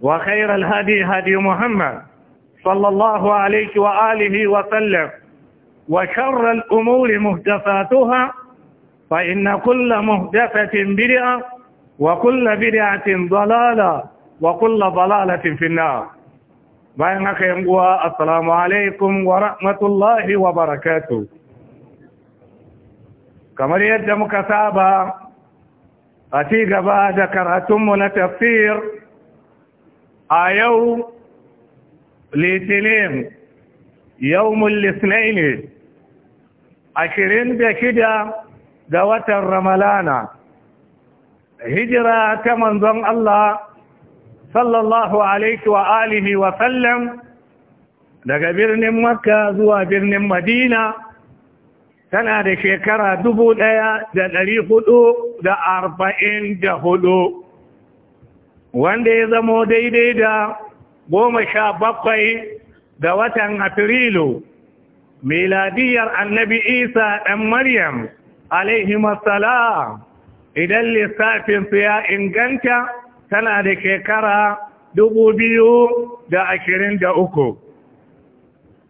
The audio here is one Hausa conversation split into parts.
وخير الهدي هدي محمد صلى الله عليه وآله وسلم وشر الأمور مهدفاتها فإن كل مهدفة بدعة وكل بدعة ضلالة وكل ضلالة في النار بينك ينقوى السلام عليكم ورحمة الله وبركاته كما يجب سابا أتيك بعد كرهتم لتفسير a yau litinin yawmul ne, ashirin da shida ga watan ramalana hijira ta manzon Allah sallallahu alaihi wa alihi wa sallam daga birnin makka zuwa birnin madina tana da shekara dubu ɗaya da ɗari hudu da arba'in da hudu wanda ya zamo daidai da goma sha bakwai da watan afrilu miladiyar annabi isa ɗan maryam Masala, idan lissafinsu ya inganta tana da shekara dubu biyu da da ashirin uku.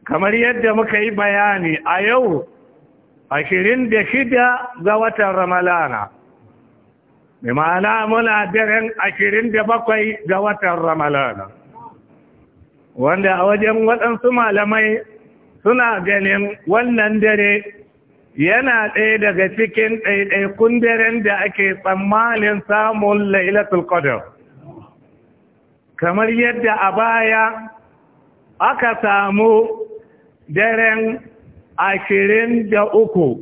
kamar yadda muka yi bayani a yau ashirin da shida ga watan ramalana ma'ana muna daren ashirin da bakwai ga watan ramalana wanda a wajen waɗansu malamai suna ganin wannan dare yana ɗaya daga cikin ɗaiɗaikun daren da ake tsammanin samun lailatul qadr kamar yadda a baya aka samu daren ashirin da uku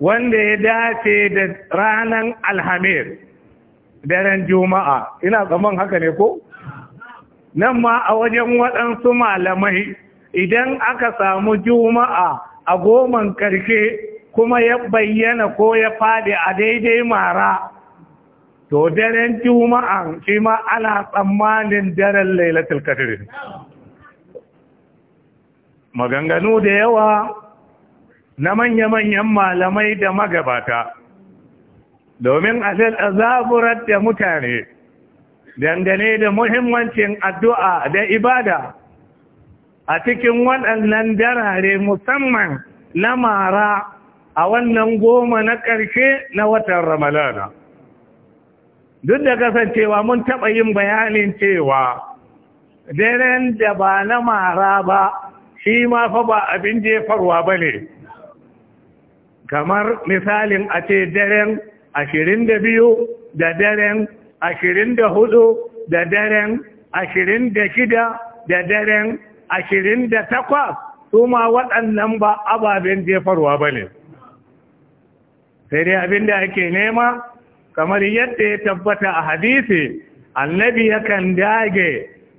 wanda ya dace da ranar alhamis daren juma'a ina tsaman haka ne ko nan ma a wajen waɗansu malamai idan aka samu juma'a a goman ƙarshe kuma ya bayyana ko ya faɗi a daidai mara to daren juma'a shi ma ana tsammanin daren lailatul qadr maganganu da yawa na manya-manyan malamai da magabata domin a zaburar da mutane dangane da muhimmancin addu'a da ibada a cikin waɗannan darare musamman na mara a wannan goma na ƙarshe na watan ramalana duk da kasancewa mun taɓa yin bayanin cewa daren da ba na mara ba shi ma fa ba abin jefarwa ba ne kamar misalin a ce daren ashirin da biyu da daren ashirin da hudu da daren ashirin da shida da daren ashirin da takwas su ma waɗannan ba ababen jefarwa ba ne sai dai abin da ake nema kamar yadda ya tabbata a hadisi annabi yakan dage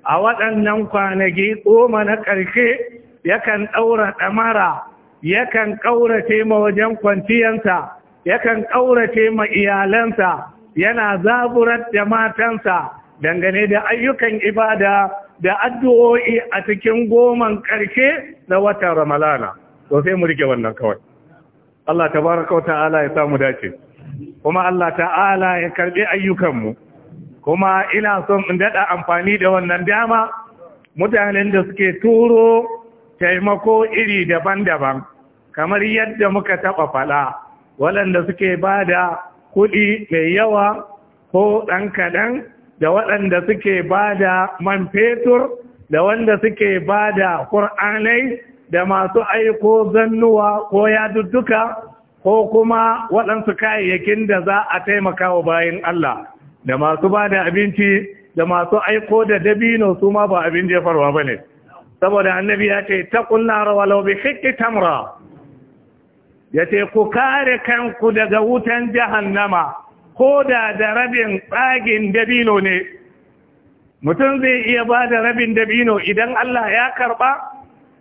a waɗannan kwanaki goma na ƙarshe yakan ɗaura ɗamara yakan ƙaurace ma wajen kwanciyarsa yakan ƙaurace ma iyalansa yana zaburar da matansa dangane da ayyukan ibada da addu'o'i a cikin goman ƙarshe na watan ramalana to sai mu rike wannan kawai Allah bar wa ta'ala ya samu dace kuma Allah ta'ala ya karbi ayyukanmu kuma ina son in daɗa amfani da wannan dama mutanen da suke turo taimako iri daban-daban kamar yadda muka taɓa faɗa waɗanda suke ba da kuɗi mai yawa ko ɗan kaɗan da waɗanda suke ba da man fetur da wanda suke ba da ƙur'anai da masu aiko zannuwa ko yadudduka ko kuma waɗansu kayayyakin da za a taimaka wa bayan Allah da masu ba da abinci da masu aiko da dabino su ma ba abin jefarwa ba ne. saboda annabi ya ce taqun nar walau bi shiqqi tamra yace ku kare kanku daga wutan jahannama ko da da rabin tsagin dabino ne mutum zai iya ba da rabin dabino idan Allah ya karba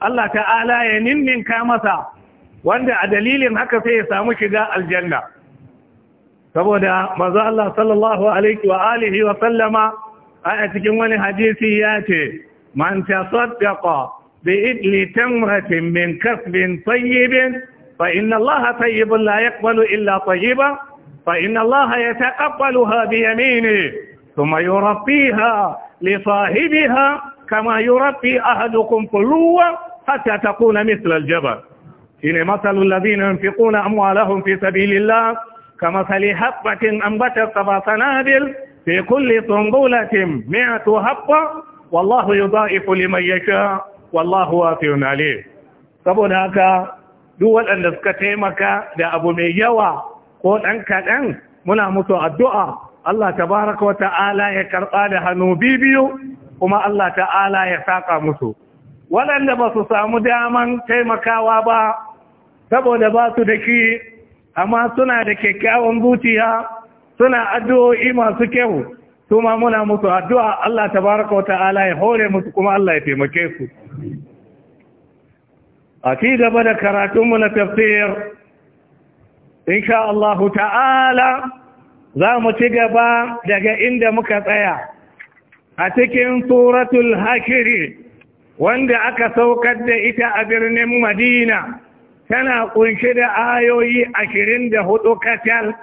Allah ta'ala ya ninninka masa wanda a dalilin haka sai ya samu shiga aljanna saboda manzo Allah sallallahu alaihi wa alihi wa sallama a cikin wani hadisi ya ce من تصدق بإذن تمرة من كسب طيب فإن الله طيب لا يقبل إلا طيبا فإن الله يتقبلها بيمينه ثم يربيها لصاحبها كما يربي أحدكم فلوة حتى تكون مثل الجبل إن مثل الذين ينفقون أموالهم في سبيل الله كمثل حبة أنبتت سبع سنابل في كل صنبولة مئة حبة wallahu yudha'ifu liman yasha wallahu wasi'un alim saboda haka duk waɗanda suka taimaka da abu mai yawa ko ɗan kaɗan muna musu addu'a Allah tabaraka wata'ala ya karɓa da hannu bibiyu kuma Allah ta'ala ya saƙa musu waɗanda ba su samu daman taimakawa ba saboda ba su da ki amma suna da kyakkyawan zuciya suna addu'o'i masu kyau su ma muna musu addu'a Allah tabaraka wata'ala ya hore musu kuma Allah ya taimake su a ci gaba da karatunmu na tafsir insha Allah ta'ala za mu ci gaba daga inda muka tsaya a cikin suratul hakiri wanda aka saukar da ita a birnin madina tana kunshi da ayoyi ashirin da hudu kacal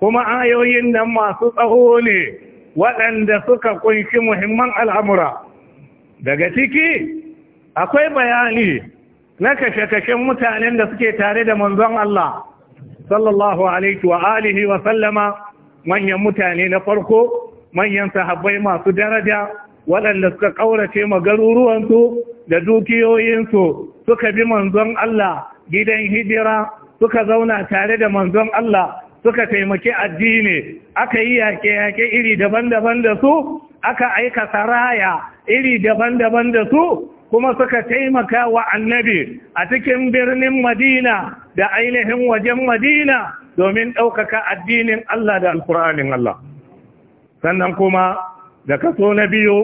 kuma ayoyin nan masu tsaho ne waɗanda suka ƙunshi muhimman al'amura daga ciki akwai bayani na kashe-kashen mutanen da suke tare da manzon Allah sallallahu alaihi wa alihi wa sallama manyan mutane na farko manyan sahabbai masu daraja waɗanda suka ƙaurace magaruruwansu da dukiyoyinsu suka bi manzon Allah gidan hijira suka zauna tare da manzon Allah suka taimaki addini aka yi yake-yake iri daban-daban da su aka aika saraya iri daban-daban da su kuma suka taimaka wa annabi a cikin birnin madina da ainihin wajen madina domin ɗaukaka addinin Allah da al'furanin Allah sannan kuma da kaso na biyu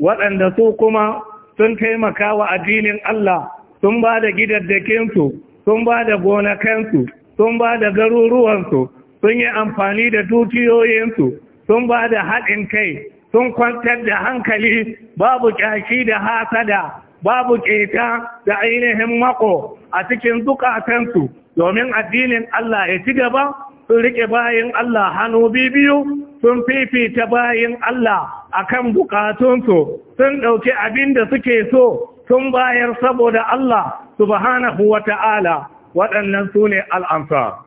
waɗanda su kuma sun taimaka wa addinin Allah sun ba da gidaddakinsu sun ba da gonakansu sun ba da garuruwansu sun yi amfani da dukiyoyinsu sun ba da haɗin kai sun kwantar da hankali babu ƙyashi da hasada babu ƙeta da ainihin mako a cikin zukatansu domin addinin Allah ya ci gaba sun riƙe bayan Allah hannu biyu sun fifita bayan Allah a kan bukatunsu sun ɗauki abin da suke so sun bayar saboda Allah subhanahu wa ta'ala waɗannan su ne al'amsa.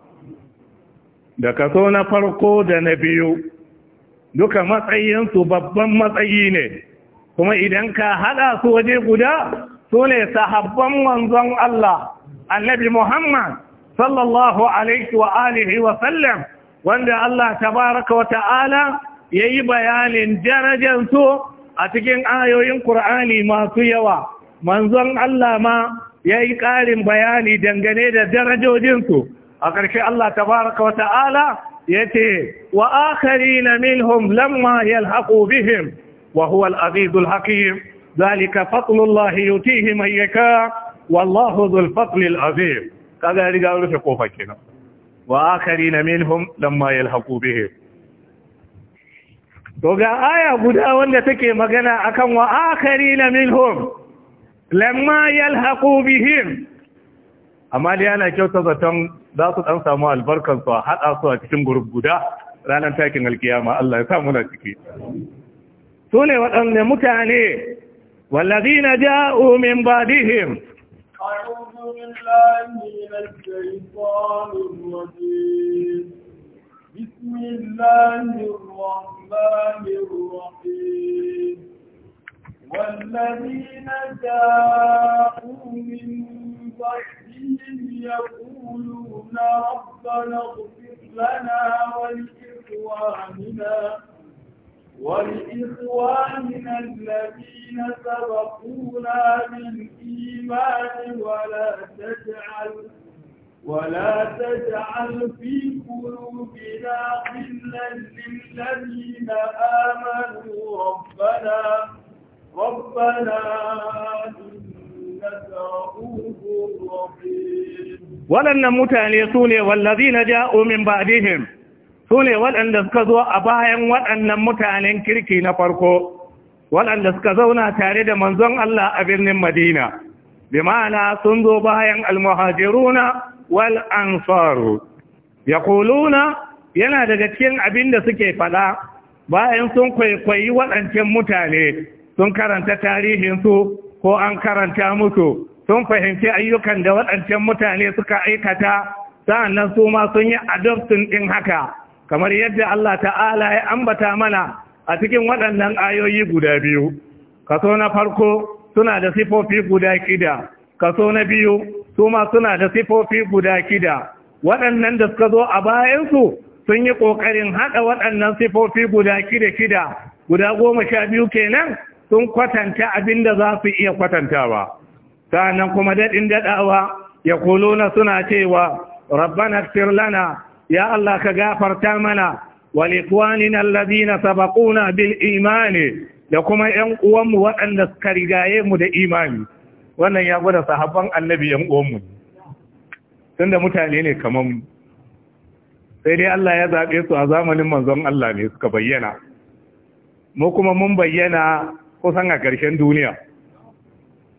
da kaso na farko da na biyu duka matsayinsu babban matsayi ne kuma idan ka hada su waje guda su ne sahabban manzon Allah annabi Muhammad sallallahu alaihi wa alihi wa sallam wanda Allah tabaraka wa ta'ala yayi bayanin darajar su a cikin ayoyin Qur'ani masu yawa manzon Allah ma yayi ƙarin bayani dangane da darajojinsu. أكركي الله تبارك وتعالى يتي وآخرين منهم لما يلحقوا بهم وهو العزيز الحكيم ذلك فضل الله يتيه من يكا والله ذو الفضل العظيم هذا اللي قالوا في قوفة كنا وآخرين منهم لما يلحقوا بهم وقال آية بدا وندتك مغنى أكم وآخرين منهم لما يلحقوا بهم amma dai ana kyauta zaton za su dan samu albarkansu su a haɗa su a cikin gurub guda ranar takin alkiyama Allah ya sa muna ciki su ne waɗanne mutane wallazina ja'u min ba'dihim أعوذ بالله من الشيطان الرجيم والذين جاءوا من بعد يقولون ربنا اغفر لنا ولإخواننا ولإخواننا الذين سبقونا بالإيمان ولا تجعل ولا تجعل في قلوبنا غلا للذين آمنوا ربنا ربنا waɗannan mutane su ne wallazi na ja'o min ba'dihim su ne waɗanda suka zo a bayan waɗannan mutanen kirki na farko waɗanda suka zauna tare da manzon Allah a birnin Madina bi ma'ana sun zo bayan almuhajiruna wal ansaru yaquluna yana daga cikin abin da suke faɗa bayan sun kwaikwayi waɗancan mutane sun karanta tarihinsu ko an karanta musu sun fahimci ayyukan da waɗancan mutane suka aikata sa'annan su ma sun yi adoptin ɗin haka kamar yadda Allah ta'ala ya ambata mana a cikin waɗannan ayoyi guda biyu kaso na farko suna da sifofi guda kida kaso na biyu su ma suna da sifofi guda kida waɗannan da suka zo a bayansu sun yi ƙoƙarin haɗa waɗannan sifofi guda kida kida guda goma sha biyu kenan sun kwatanta abin da za su iya kwatantawa Sannan kuma daɗin daɗawa ya kuluna suna cewa rabbanar firlana ya Allah ka gafarta mana wa liqwanina alladhina na bil imani da kuma ƴan uwanmu waɗanda suka rigaye mu da imani wannan ya gwada sahabban annabi 'yan uwanmu tunda mutane ne kamar mu sai dai Allah ya zaɓe su a zamanin manzon Allah ne suka bayyana mu kuma mun bayyana kusan a ƙarshen duniya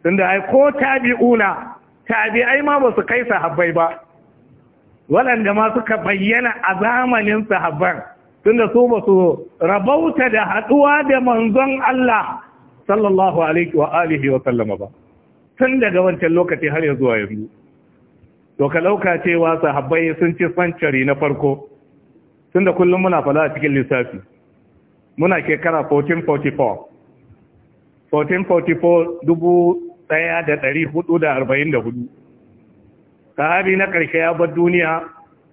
Sun da ai ko tabi'una tabi'ai ma ba su kai sahabbai ba waɗanda ma suka bayyana a zamanin sahabban sun da su ba su rabauta da haɗuwa da manzon Allah sallallahu alaihi wa alihi wa sallama ba tun daga wancan lokaci har ya zuwa yanzu to ka ɗauka cewa sahabbai sun ci sancari na farko sun da kullum muna fala a cikin lissafi muna shekara 1444 1444 1444 sahabi na ƙarshe ya bar duniya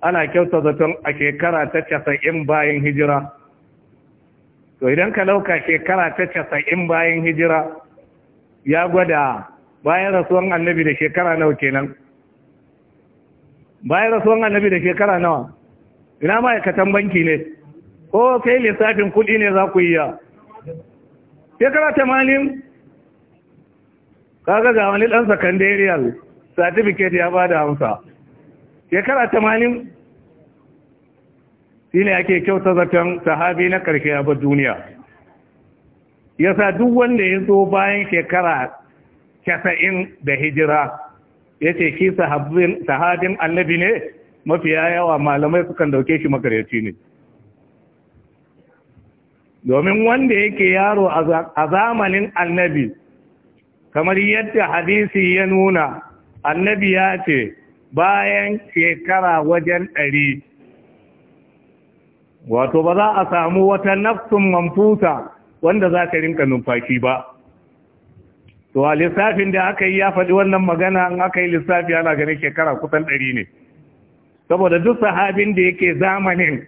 ana kyauta zaton a shekara ta casa'in bayan hijira to idan ka lauka shekara ta casa'in bayan hijira ya gwada bayan rasuwan annabi da shekara nawa kenan bayan rasuwan annabi da shekara nawa ina ma'aikatan banki ne ko kai lissafin kuɗi ne za ku yi ya shekara tamanin kaga ga wani ɗan sakandariyar certificate ya bada da hamsa shekara tamanin shi ne ake kyauta zaton sahabi na ƙarshe a duniya Ya sa duk wanda ya zo bayan shekara casa'in da hijira ya ce shi sahabin annabi ne mafiya yawa malamai sukan dauke shi makaryaci ne domin wanda yake yaro a zamanin annabi kamar yadda hadisi ya nuna annabi ya ce bayan shekara wajen ɗari wato ba za a samu wata nafsun mamfusa wanda za ka rinka numfashi ba to a lissafin da aka yi ya faɗi wannan magana an aka yi lissafi ana ganin shekara kusan ɗari ne saboda duk sahabin da yake zamanin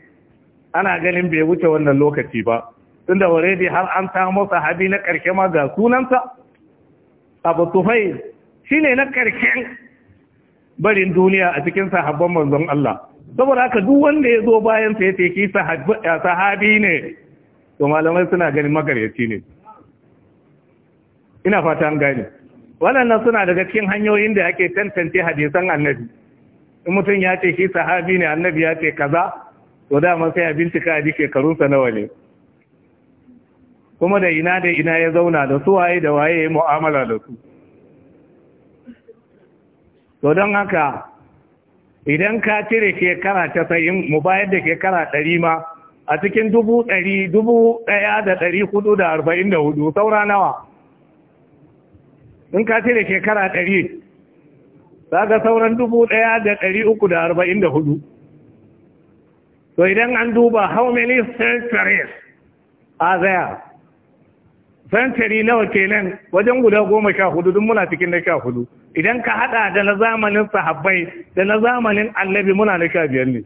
ana ganin bai wuce wannan lokaci ba tunda already har an samu sahabi na ƙarshe ma ga sunansa abu tufai shine na ƙarshen barin duniya a cikin sahabban manzon Allah saboda haka duk wanda ya zo bayan sa ya teki sahabi ne to malamai suna ganin magaryaci ne ina fata an gane waɗannan suna daga cikin hanyoyin da ake tantance hadisan annabi in mutum ya ce shi sahabi ne annabi ya ce kaza to dama sai a bincika a ji shekarunsa nawa ne kuma da ina da ina ya zauna da su waye da waye ya mu'amala da su to don haka idan ka cire shekara tasa'in mu bayar da shekara ɗari ma a cikin dubu ɗari dubu ɗaya da ɗari hudu da arba'in da hudu saura nawa in ka cire shekara ɗari za ga sauran dubu ɗaya da ɗari uku da arba'in da hudu to idan an duba how many centuries are there zantari nawa kenan wajen guda goma sha hudu duk muna cikin na sha hudu idan ka hada da na zamanin sahabbai da na zamanin annabi muna na sha biyar ne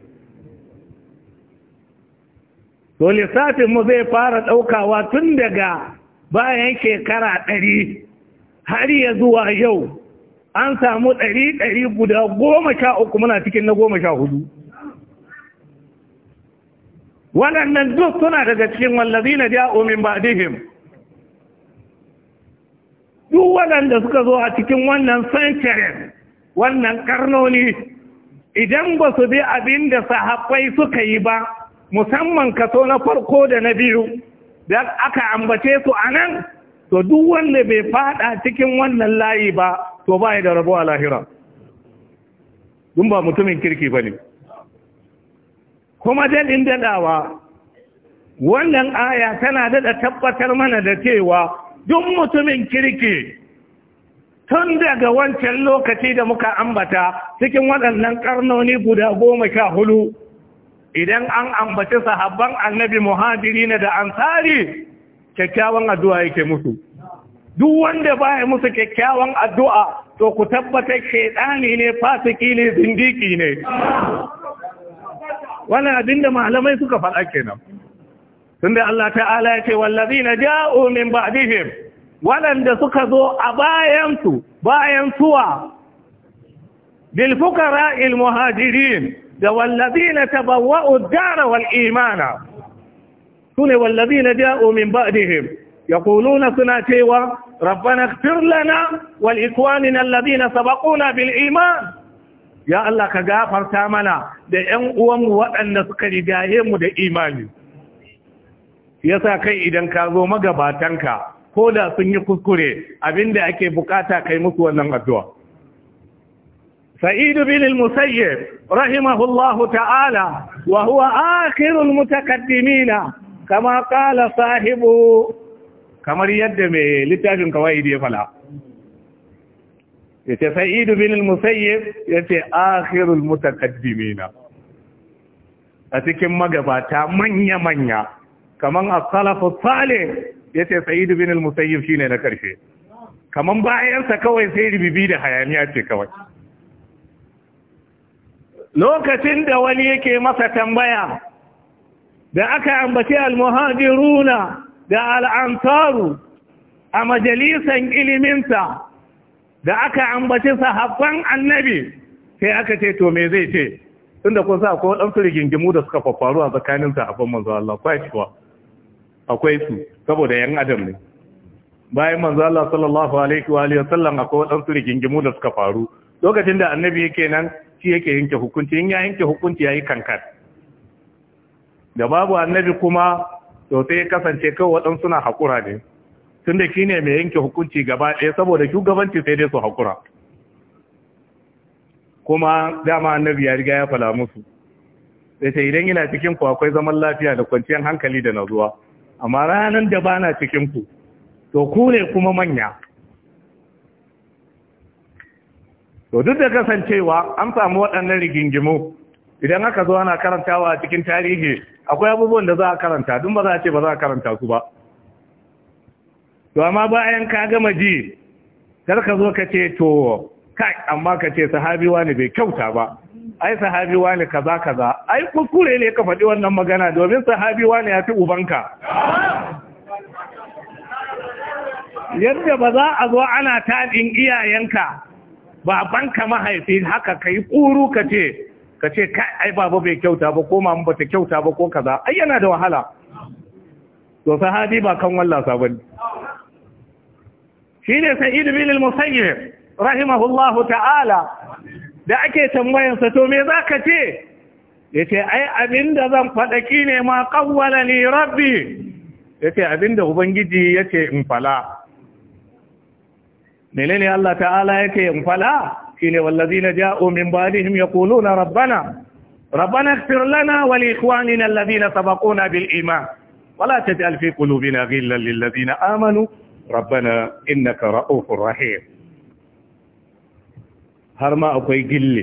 to lissafin mu zai fara daukawa tun daga bayan shekara ɗari har ya zuwa yau an samu ɗari ɗari guda goma sha uku muna cikin na goma sha hudu waɗannan duk suna daga cikin wallazi na ja'o min ba'dihim duk waɗanda suka zo a cikin wannan century wannan karnoni idan ba su bi abin da sahabbai suka yi ba musamman kaso na farko da na biyu da aka ambace su a nan to duk wanda bai fada cikin wannan layi ba to ba da rabu lahira dun ba mutumin kirki ba ne kuma daɗin daɗawa wannan aya tana daɗa tabbatar mana da cewa duk mutumin kirki tun daga wancan lokaci da muka ambata cikin waɗannan ƙarnoni guda goma sha hulu idan an ambaci sahabban annabi muhajiri na da ansari kyakkyawan addu'a yake musu duk wanda baya musu kyakkyawan addu'a to ku tabbatar shaidani ne fasiki ne zindiki ne abin abinda malamai suka faɗa kenan tunda Allah ta'ala ya ce wallazina ja'u min ba'dihim waɗanda suka zo a bayansu bayan suwa bil fuqara muhajirin da wallazina tabawwa'u ad-dara wal imana sune wallazina ja'u min ba'dihim yaquluna suna cewa rabbana ighfir lana wal ikwanina alladhina sabaquna bil iman ya Allah ka gafarta mana da ƴan uwanmu waɗanda suka rigaye mu da imani ya sa kai idan ka zo magabatanka ko da sun yi kuskure abinda ake bukata kai musu wannan addu’a. Sa’idu bin al-Musayye, rahimahullahu ta’ala, wa huwa akirun mutakaddimina, kama kala sahibu, kamar yadda mai littafin kawai da ya fala. Ya ce, Sa’idu bin al-Musayye, ya ce, a cikin magabata manya-manya. kaman as-salafu salih yace sa'id bin al-musayyib shine na karshe kaman bayansa kawai sai ribibi da hayaniya ce kawai lokacin da wani yake masa tambaya da aka ambace al-muhajiruna da al-ansaru a majalisan iliminsa da aka ambaci sahabban annabi sai aka ce to me zai ce tunda kun sa ko dan rigingimu da suka faru a tsakanin sahabban manzo Allah kwai kuwa akwai su saboda yan adam ne bayan manzo Allah sallallahu alaihi wa alihi sallam akwai wadansu rigingimu da suka faru lokacin da annabi yake nan shi yake yanke hukunci in ya yanke hukunci yayi kankan da babu annabi kuma to sai ya kasance kawai wadansu na hakura ne tunda shine mai yanke hukunci gaba ɗaya saboda shugabanci sai dai su hakura kuma dama annabi ya riga ya fala musu sai idan yana cikin ku akwai zaman lafiya da kwanciyar hankali da nazuwa amma ranar da ba na cikinku to ku ne kuma manya to duk da kasancewa an samu waɗannan rigingimu idan aka zo ana karantawa a cikin tarihi akwai abubuwan da za a karanta duk ba za a ce ba za a karanta su ba to amma bayan ka gama ji kar ka zo ka ce to kai amma ka ce sahabiwa ne bai kyauta ba ai sahabi wani kaza kaza ai kuskure ne ka faɗi wannan magana domin sahabi wani ya fi ubanka yadda ba za a zo ana taɗin iyayenka babanka mahaifi haka ka yi ƙuru ka ce ka ce kai ai baba bai kyauta ba ko mamu bata kyauta ba ko kaza ai yana da wahala to sahabi ba kan wallasa Shi ne sa'id bin al-musayyib rahimahullahu ta'ala da ake tambayansa to me za ka ce ya ce ai abinda zan faɗaki ne ma ƙawwala ni rabbi ya ce abinda ubangiji ya ce in fala menene Allah ta'ala ya ce in fala shi ne wallazi na ja'o min badihim ya kulu na rabbana rabbana firlana wal na allazina sabaquna bil iman wala taj'al fi na ghillan lil na amanu rabbana innaka ra'ufur rahim har ma akwai gille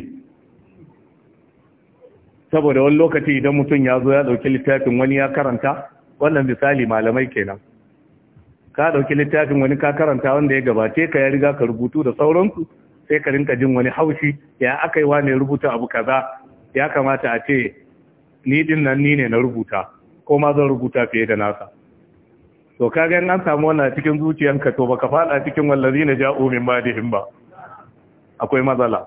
saboda wani lokaci idan mutum ya zo ya dauki littafin wani ya karanta wannan misali malamai kenan ka ɗauki littafin wani ka karanta wanda ya gabace ka ya riga ka rubutu da sauransu sai ka rinka jin wani haushi ya aka yi wani rubuta abu kaza ya kamata a ce ni din nan ni ne na rubuta ko ma zan rubuta fiye da nasa to kaga an samu wannan cikin zuciyanka to baka fada cikin na ja'u min ba'dihim ba akwai matsala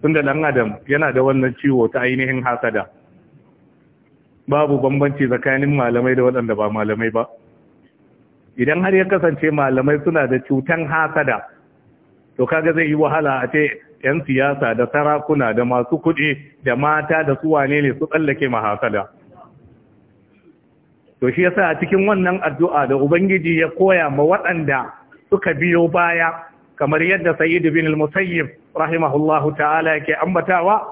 tunda ɗan adam yana da wannan ciwo ta ainihin hasada babu bambanci tsakanin malamai da waɗanda ba malamai ba idan har ya kasance malamai suna da cutan hasada to kaga zai yi wahala a ce yan siyasa da sarakuna da masu kuɗi da mata da su wane ne su tsallake ma hasada to shi yasa a cikin wannan addu'a da ubangiji ya koya ma waɗanda suka biyo baya kamar yadda Sayyid bin al-Musayyib rahimahullahu ta'ala yake ambatawa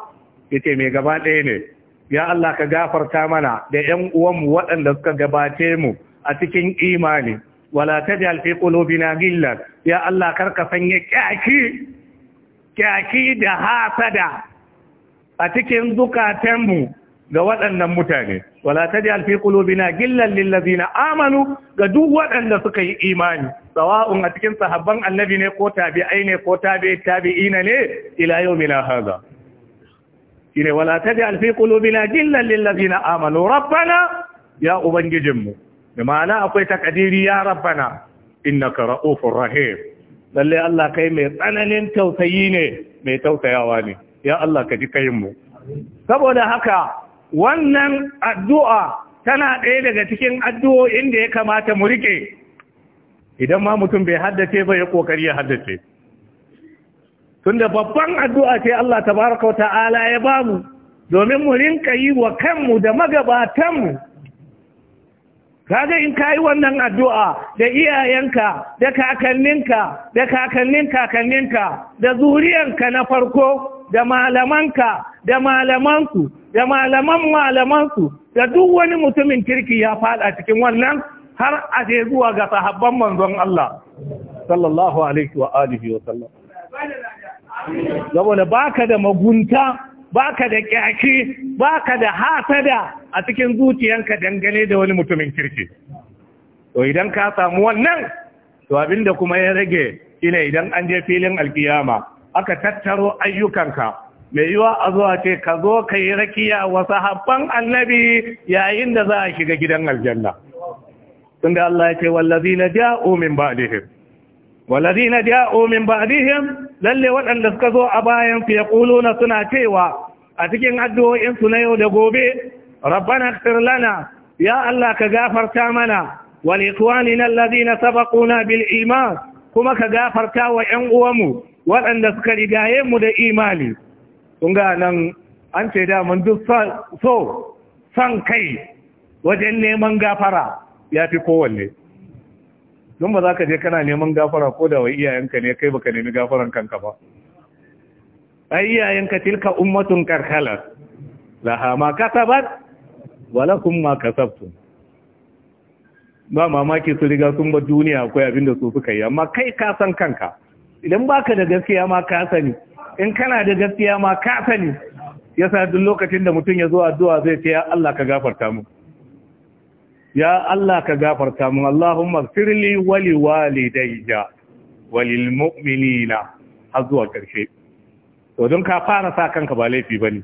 yake mai gaba ɗaya ne ya Allah ka gafarta mana da ƴan uwanmu waɗanda suka gabace mu a cikin imani wala tajal fi qulubina ghillan ya Allah karka sanya kyaki kyaki da hasada a cikin zukatanmu ga waɗannan mutane wala tajal fi qulubina ghillan lil ladina amanu ga duk waɗanda suka yi imani sawa'un a cikin sahabban annabi ne ko tabi'ai ne ko tabi'i tabi'ina ne ila yau yawmina hadha shine wala taj'al fi qulubina ghillan lil ladina amanu rabbana ya ubangijinmu da ma'ana akwai takadiri ya rabbana innaka ra'ufur rahim lalle Allah kai mai tsananin tausayi ne mai tausayawa ne ya Allah ka ji mu. saboda haka wannan addu'a tana ɗaya daga cikin addu'o'in da ya kamata mu rike idan ma mutum bai haddace ba ya kokari ya haddace tunda babban addu'a ce Allah tabaraka wa ta'ala ya bamu domin mu rinka yi wa kanmu da magabatanmu kaga in ka yi wannan addu'a da iyayenka da kakanninka da kakannin kakanninka da zuriyanka na farko da malamanka da malamanku da malaman malamansu, da duk wani mutumin kirki ya fada cikin wannan har a zuwa ga sahabban manzon Allah sallallahu alaihi wa alihi wa sallam saboda baka da magunta baka da kyaki baka da hasada a cikin zuciyanka dangane da wani mutumin kirki to idan ka samu wannan to abinda kuma ya rage shine idan an je filin alkiyama aka tattaro ayyukanka mai yiwa a zuwa ce ka zo ka yi rakiya wa sahabban annabi yayin da za a shiga gidan aljanna tun da Allah ya ce wallazi na ja'o min ba'dihim wallazi na ja'o min ba'dihim lalle waɗanda suka zo a bayan fiye ya kuluna suna cewa a cikin addu'o'insu na yau da gobe rabbana ighfir lana ya Allah ka gafarta mana wal ikhwanina na sabaquna bil iman kuma ka gafarta wa 'yan uwanmu waɗanda suka rigaye mu da imani kun ga nan an ce da mun duk so san kai wajen neman gafara ya fi kowanne don ba za ka je kana neman gafara ko da wai iyayenka ne kai baka nemi gafaran kanka ba ai iyayenka tilka ummatun karkala laha ma kasabat wala kun ma kasabtu. ba mamaki su riga sun ba duniya akwai abin da su suka yi amma kai ka san kanka idan baka da gaskiya ma ka sani in kana da gaskiya ma ka sani yasa duk lokacin da mutum ya zo addu'a zai ce Allah ka gafarta mu ya Allah ka gafarta mun Allahumma firli wali walidayya walil mu'minina har zuwa ƙarshe to don ka fara sa kanka ba laifi bane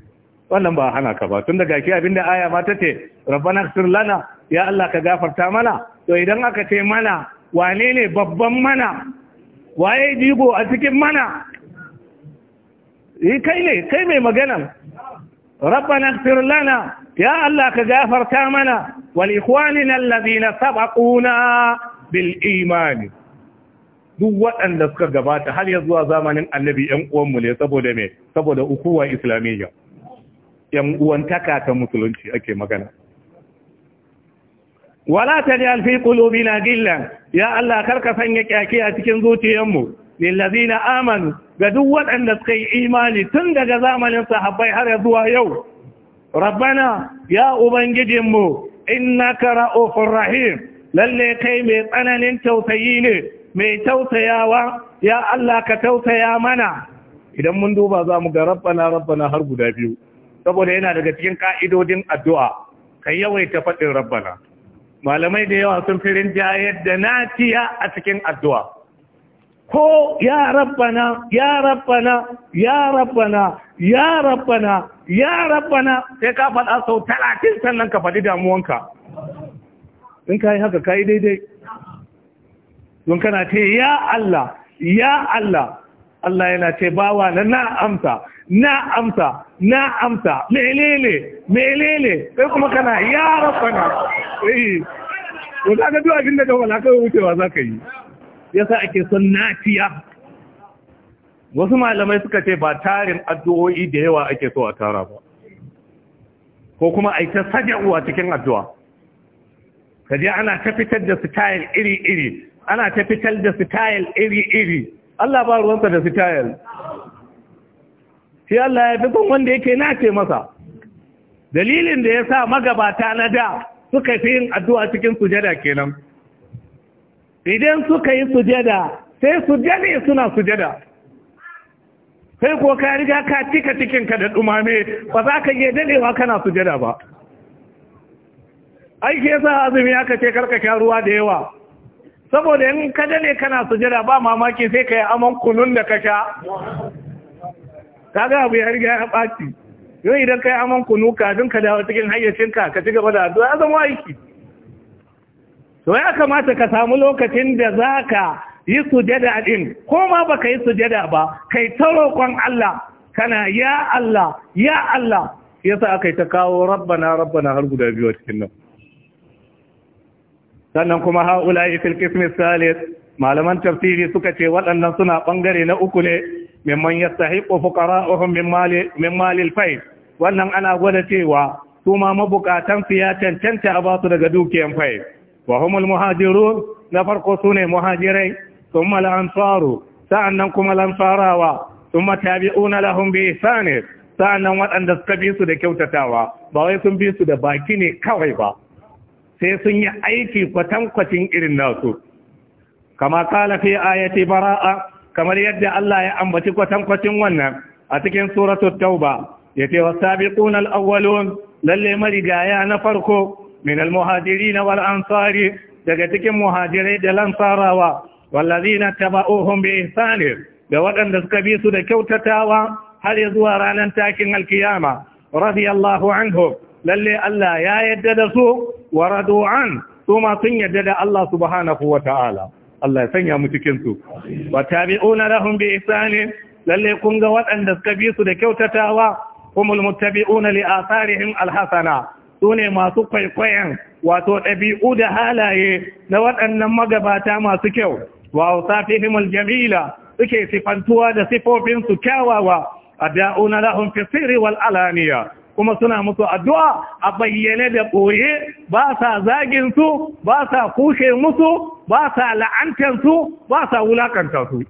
wannan ba hana ka ba tun daga ki abinda aya ma tace rabbana ighfir lana ya Allah ka gafarta mana to idan aka ce mana wane ne babban mana waye digo a cikin mana eh kai ne kai mai magana. ربنا اغفر لنا يا الله كغافر تامنا ولإخواننا الذين bil imani. duk waɗanda suka gabata har ya zuwa zamanin annabi ‘yan uwanmu ne saboda me saboda ukuwa islamiyya ‘yan uwantaka ta musulunci ake magana wala ta ji alfi ƙulubi na ya Allah karka sanya kyaki a cikin zuciyanmu lillazina amanu ga duk waɗanda suka yi imani tun daga zamanin sahabbai har zuwa yau rabbana ya ubangijinmu kara ra'ufur rahim lalle kai mai tsananin tausayi ne mai tausayawa ya Allah ka tausaya mana idan mun duba za mu ga rabbana rabbana har guda biyu saboda yana daga cikin ka'idodin addu'a ka yawaita faɗin rabbana malamai da yawa sun firin jayar da naciya a cikin addu'a ko ya rabbana ya rabbana ya rabbana ya rabbana ya rabbana sai ka faɗa sau talatin sannan ka faɗi damuwanka in ka yi haka ka yi daidai don kana ce ya Allah ya Allah Allah yana ce bawa na na amsa na amsa na amsa melele melele sai kuma kana ya rabbana eh to kaga duk abin da ka wala kai wucewa ka yi Ya sa ake son nafiya wasu malamai suka ce ba tarin addu'o'i da yawa ake so a tara ba ko kuma a yi ta cikin addu'a kaje ana ta fitar da sitayil iri-iri ana ta fitar da sitayil iri-iri Allah ba ruwansa da sitayil shi Allah ya fi son wanda yake nace masa dalilin da ya sa magabata na da suka fi yin addu'a cikin sujada kenan idan suka yi sujada sai sujada suna sujada sai ko ka riga ka cika cikinka da dumame ba za ka iya dadewa kana sujada ba aiki yasa azumi aka ce karka sha ruwa da yawa saboda in ka dade kana sujada ba mamaki sai ka yi aman kunun da ka sha kaga abu ya riga ya ɓaci yau idan ka yi aman kunu kafin ka dawo cikin hayyacinka ka ci gaba da addu'a zama aiki to ya kamata ka samu lokacin da za ka yi sujada ɗin ko ma ba ka yi sujada ba kai ta roƙon Allah kana ya Allah ya Allah Ya sa aka yi ta kawo rabbana rabbana har guda biyu a cikin nan sannan kuma ha'ula fil qismi salis malaman tafsiri suka ce waɗannan suna ɓangare na uku ne mimman yastahiqu fuqara'uhum min mali min fai wannan ana gwada cewa su ma mabukatan su ya cancanta a basu daga dukiyan fai wa humul na farko sune muhajirai thumma al-ansaru sa'annan kuma lansarawa thumma tabi'una lahum bi ihsan sa'annan waɗanda suka bi su da kyautatawa ba wai sun bi su da baki ne kawai ba sai sun yi aiki kwatankwacin irin nasu kama kala fi ayati bara'a kamar yadda Allah ya ambaci kwatankwacin wannan a cikin suratul tauba yace wasabiquna al-awwalun lalle marigaya na farko Minal muhajiri na wal daga cikin muhajirai da lansarawa wallazina taba'uhum bi ihsani da waɗanda suka bi su da kyautatawa har zuwa ranar takin alkiyama radiyallahu anhu lalle Allah ya yadda da su wa radu'an su sun yadda da Allah subhanahu wa ta'ala Allah ya sanya mu cikin su wa tabi'una lahum bi ihsani lallai kun ga waɗanda suka bi su da kyautatawa humul muttabi'una li atharihim alhasana su ne masu kwaikwayon wato ɗabi'u da halaye na waɗannan magabata masu kyau wa wasafihim jamila suke sifantuwa da sifofinsu kyawawa a da'una fi fisiri wal alaniya kuma suna musu addu'a a bayyane da ɓoye ba sa zaginsu, ba sa kushe musu ba sa la'antar ba sa wulakanta su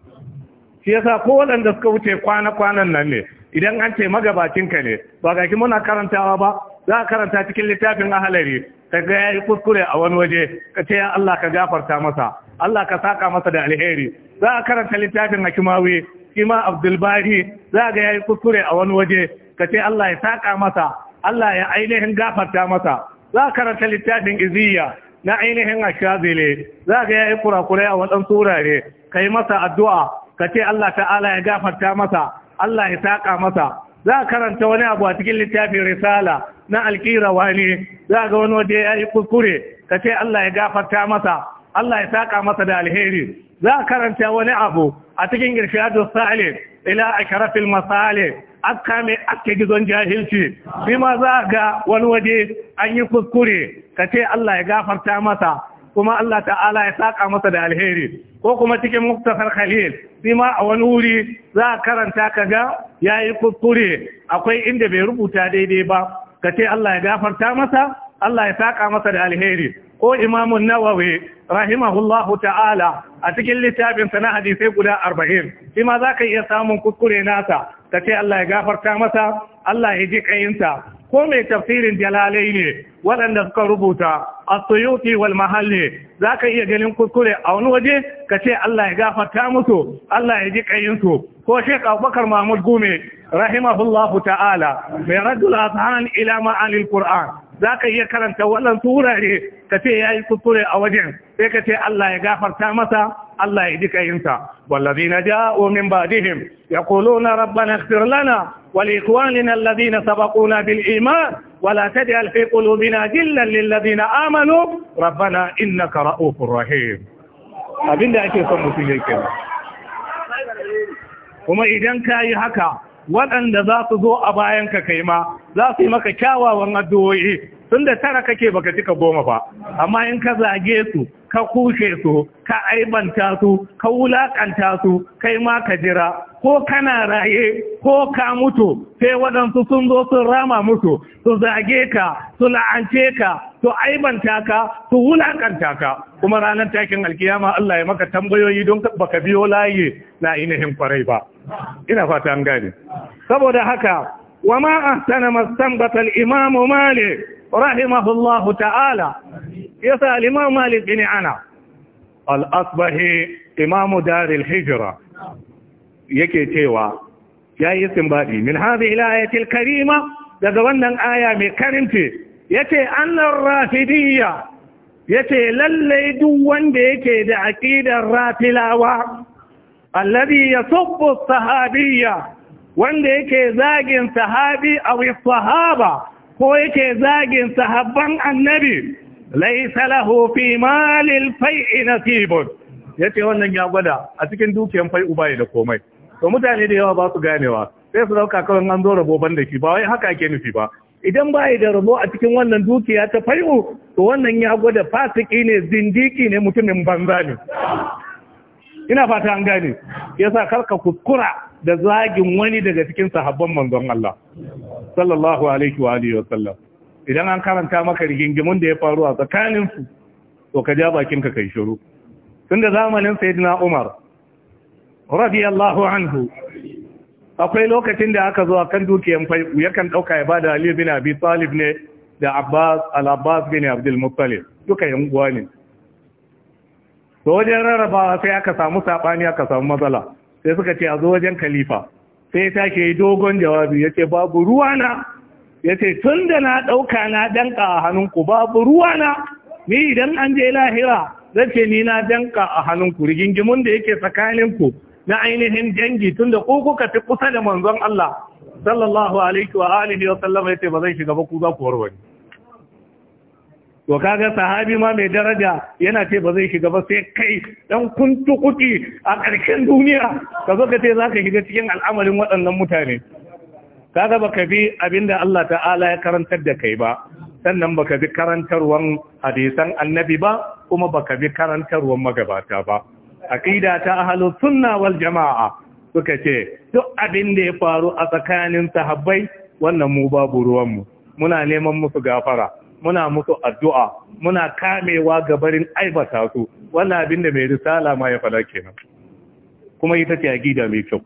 shi yasa ko waɗanda suka wuce kwana-kwanan nan ne idan an ce magabacinka ne ba ga ki muna karantawa ba za a karanta cikin littafin ahalari ka ga ya yi kuskure a wani waje ka ce ya Allah ka gafarta masa Allah ka saka masa da alheri za a karanta littafin hakimawi kima abdulbari za ga ya yi kuskure a wani waje ka ce Allah ya saka masa Allah ya ainihin gafarta masa za a karanta littafin iziya na ainihin ashazile za ga ya yi kurakure a waɗansu wurare ka yi masa addu'a ka ce Allah ta'ala ya gafarta masa Allah ya saka masa za a karanta wani abu a cikin littafin risala na alkirawa wani za ga wani waje ya yi kuskure ka ce Allah ya gafarta masa Allah ya saka masa da alheri za a karanta wani abu a cikin irshadu sale ila Karafin masale akka mai ake gizon jahilci shi ma za ga wani waje an yi kuskure ka ce Allah ya gafarta masa kuma Allah ta'ala ya saka masa da alheri ko kuma cikin muktasar khalil sai ma a wani wuri za a karanta ka ga ya yi kuskure akwai inda bai rubuta daidai ba ka ce Allah ya gafarta masa Allah ya saka masa da alheri ko imamun nawawi rahimahullahu ta'ala a cikin littafinsa na hadisai guda arba'in Sai ma za ka iya samun kuskure nasa ka ce Allah ya gafarta masa Allah ya ji kayinsa ko mai tafsirin jalalai ne waɗanda suka rubuta as-suyuti wal mahalli zaka iya ganin kuskure a wani waje ka ce Allah ya gafarta musu Allah ya ji kayinsu ko Sheikh Abubakar Mahmud Gume rahimahullahu ta'ala mai radul azhan ila ma'anil Qur'an za ka iya karanta waɗansu wurare ka ce ya yi kuskure a wajen sai ka ce Allah ya gafarta masa Allah ya ji kayinsa wallazina ja'u min ba'dihim yaquluna rabbana ighfir lana wa li ikhwanina alladhina sabaquna bil iman wa la taj'al fi qulubina ghillan lil ladina amanu rabbana innaka ra'ufur rahim abinda ake son mutum yake kuma idan ka yi haka waɗanda za su zo a bayan ka kai ma za su yi maka kyawawan addu'o'i tun da tara kake baka cika goma ba amma in ka zage su ka kushe su ka aibanta su ka wulaƙanta su kai ma ka jira ko kana raye ko ka mutu sai waɗansu sun zo sun rama mutu su zage ka su la'ance ka su aibanta ka su wulaƙanta ka kuma ranar takin alkiyama Allah ya maka tambayoyi don baka biyo layi na ainihin kwarai ba ina fata an gane saboda haka wa ma'a ahsana mastanbata al-imam rahimahullahu ta'ala yasa al-imam malik bin ana al-asbahi imam dar yake cewa yayi simbaɗi min hadhihi al karima daga wannan aya mai karinti yace annar rafidiyya yace lallai duk wanda yake da aƙidar rafilawa alladhi yasubbu sahabiyya wanda yake zagin sahabi a sahaba ko yake zagin sahabban annabi laisa lahu fi malil fai'i nasibun yace wannan ya gwada a cikin dukiyan fai'u bai da komai to mutane da yawa ba su ganewa sai su dauka kawai an zo rabo ban da shi ba wai haka ake nufi ba idan bai da rabo a cikin wannan dukiya ta fai'u to wannan ya gwada fasiki ne zindiki ne mutumin banza ne ina fata an gane yasa karka kuskura da zagin wani daga cikin sahabban manzon Allah sallallahu alaihi wa alihi wa sallam idan an karanta maka rigingimun da ya faru a tsakaninsu to ka ja bakinka kai shiru tun da zamanin sayyidina umar radiyallahu anhu akwai lokacin da aka zo a kan dukiyan fai yakan dauka ya bada ali bin abi talib ne da abbas al abbas bin abdul muttalib duka yan uwa ne to wajen rarrabawa sai aka samu sabani aka samu matsala sai suka ce a zo wajen khalifa sai ya take dogon jawabi yace babu ruwana ya ce tun da na ɗauka na danka a hannunku babu ruwa na ni idan an je lahira zace ni na danka a hannunku rigingimun da yake tsakaninku na ainihin dangi tun da ku kuka fi kusa da manzon Allah sallallahu alaihi wa alihi wa sallam yace ba zai shiga ba ku za ku warware to kaga sahabi ma mai daraja yana ce ba zai shiga ba sai kai dan kun tukuki a ƙarshen duniya ka zo ka ce zaka shiga cikin al'amarin waɗannan mutane kaga baka bi abinda Allah ta'ala ya karantar da kai ba sannan baka bi karantarwan hadisan annabi ba kuma baka bi karantarwan magabata ba aqida ta ahlus sunna wal jamaa suka ce duk abin da ya faru a tsakanin sahabbai wannan mu babu ruwan mu muna neman musu gafara muna musu addu'a muna kamewa gabarin aibata su wannan abin da mai risala ma ya fada kenan kuma ita ce aqida mai kyau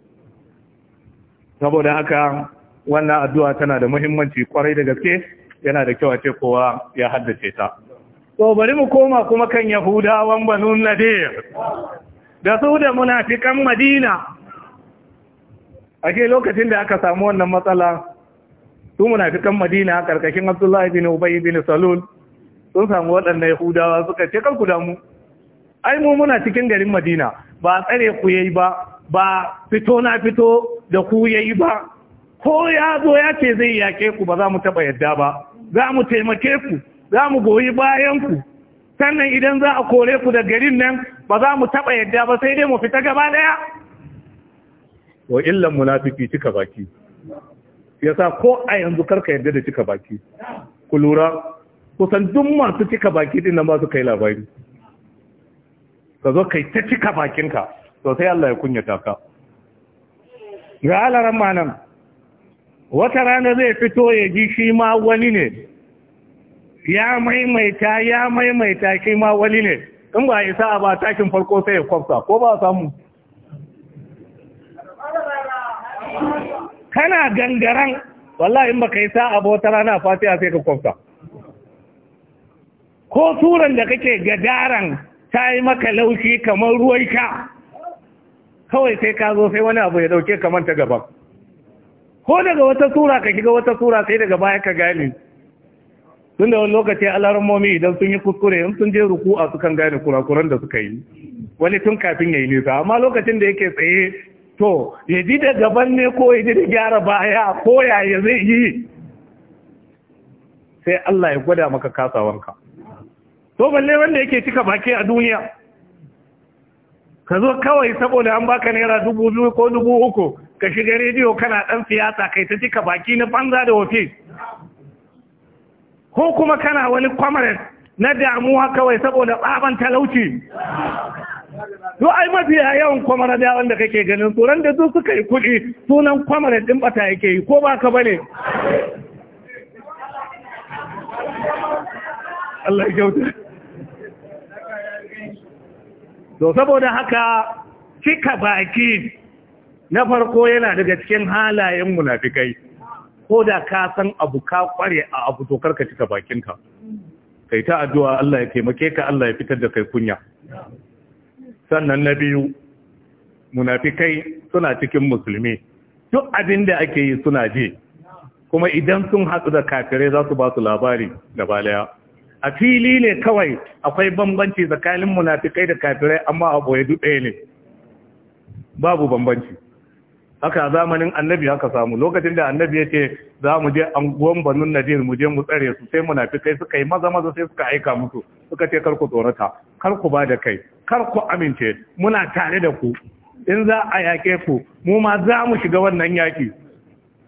saboda haka wannan addu'a tana da muhimmanci kwarai da gaske yana da kyau a ce kowa ya haddace ta to bari mu koma kuma kan yahudawan banu nadir da su da munafikan madina ake lokacin da aka samu wannan matsala su munafikan madina karkashin abdullahi bin Ubayi bin salul sun samu waɗannan yahudawa suka ce kan ku damu ai mu muna cikin garin madina ba tsare ku yayi ba ba fito na fito da ku yayi ba ko ya zo ya ce zai yaƙe ku ba za mu taɓa yadda ba za mu taimake ku za mu goyi bayan ku sannan idan za a kore ku da garin nan ba za mu taɓa yadda ba sai dai mu fita gaba ɗaya wa illan munafiki cika baki yasa ko a yanzu karka yadda da cika baki ku lura kusan duk masu cika baki din nan ba su kai labari ka zo kai ta cika bakinka to sai Allah ya kunyata ka ga alaran manan wata rana zai fito ya ji shi ma wani ne ya maimaita ya maimaita shi ma wani ne in ba isa a ba tashin farko sai ya kwafsa ko ba samu kana gangaran wallahi in baka yi sa'a ba wata rana Fatiya sai ka kwafsa ko turan da kake gadaran ta yi maka laushi kamar ruwai sha kawai sai ka zo sai wani abu ya dauke kamar ta gaban ko daga wata sura ka shiga wata sura sai daga baya ka gane tun da wani lokaci alarmomi idan sun yi kuskure in sun je a sukan gane kurakuran da suka yi wani tun kafin ya yi nisa amma lokacin da yake tsaye to ya ji da gaban ne ko ya ji da gyara baya ko yaya zai yi sai Allah ya gwada maka kasawanka to balle wanda yake cika baki a duniya ka zo kawai saboda an baka naira dubu biyu ko dubu uku ka shiga rediyo kana ɗan siyasa kai ta cika baki na banza da wafi ko kuma kana wani kwamarin na damuwa kawai saboda tsaban talauci to ai mafiya yawan kwamarin da wanda kake ganin tsoron da su suka yi kuɗi sunan kwamarin din bata yake yi ko ba ka bane Allah ya kyauta to saboda haka cika baki na farko yana daga cikin halayen munafikai ko da ka san abu ka kware a abu to karka cika bakinka kai ta addu'a Allah ya taimake ka Allah ya fitar da kai kunya sannan na biyu munafikai suna cikin musulmi duk abin da ake yi suna je kuma idan sun haɗu da kafirai za su ba su labari dabalaya, balaya a fili ne kawai akwai bambanci tsakanin munafikai da kafirai amma a boye duk ɗaya ne babu bambanci haka zamanin annabi haka samu lokacin da annabi ya ce za mu je anguwan banun nadir mu je mu tsare su sai munafikai suka yi maza maza sai suka aika musu suka ce kar ku tsorata kar ba da kai kar ku amince muna tare da ku in za a yaƙe ku mu ma za mu shiga wannan yaƙi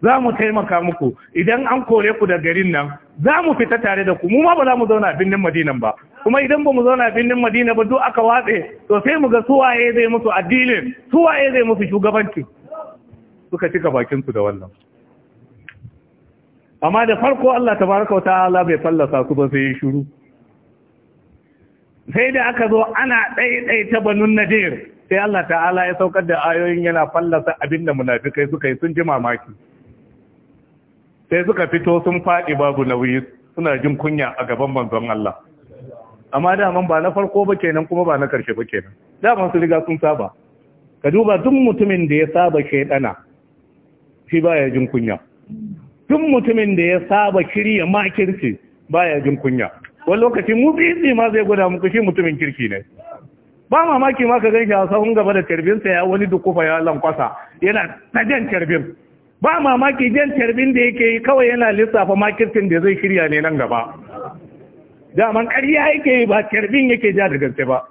za mu taimaka muku idan an kore ku da garin nan za mu fita tare da ku mu ma ba za mu zauna a birnin madinan ba kuma idan ba mu zauna a birnin madina ba duk aka watse to sai mu ga suwaye zai musu addinin suwaye zai musu shugabanci suka cika bakinsu da wannan amma da farko Allah tabaraka wata'ala bai fallasa su ba sai shiru sai da aka zo ana ta banun nadir sai Allah ta'ala ya saukar da ayoyin yana fallasa abin da munafikai suka yi sun ji mamaki sai suka fito sun faɗi babu nauyi suna jin kunya a gaban manzon Allah amma daman ba na farko ba kenan kuma ba na karshe ba kenan daman su riga sun saba ka duba duk mutumin da ya saba shaidana shi baya jin kunya Tun mutumin da ya saba ya makirci baya jin kunya wani lokaci mu tsitsi ma zai guda muku shi mutumin kirki ne ba mamaki ma ka gan shi a sahun gaba da tarbinsa ya wani dukufa ya lankwasa yana ta jan tarbin ba mamaki jan tarbin da yake yi kawai yana lissafa makircin da zai shirya ne nan gaba daman ƙarya yake yi ba tarbin yake ja da gaske ba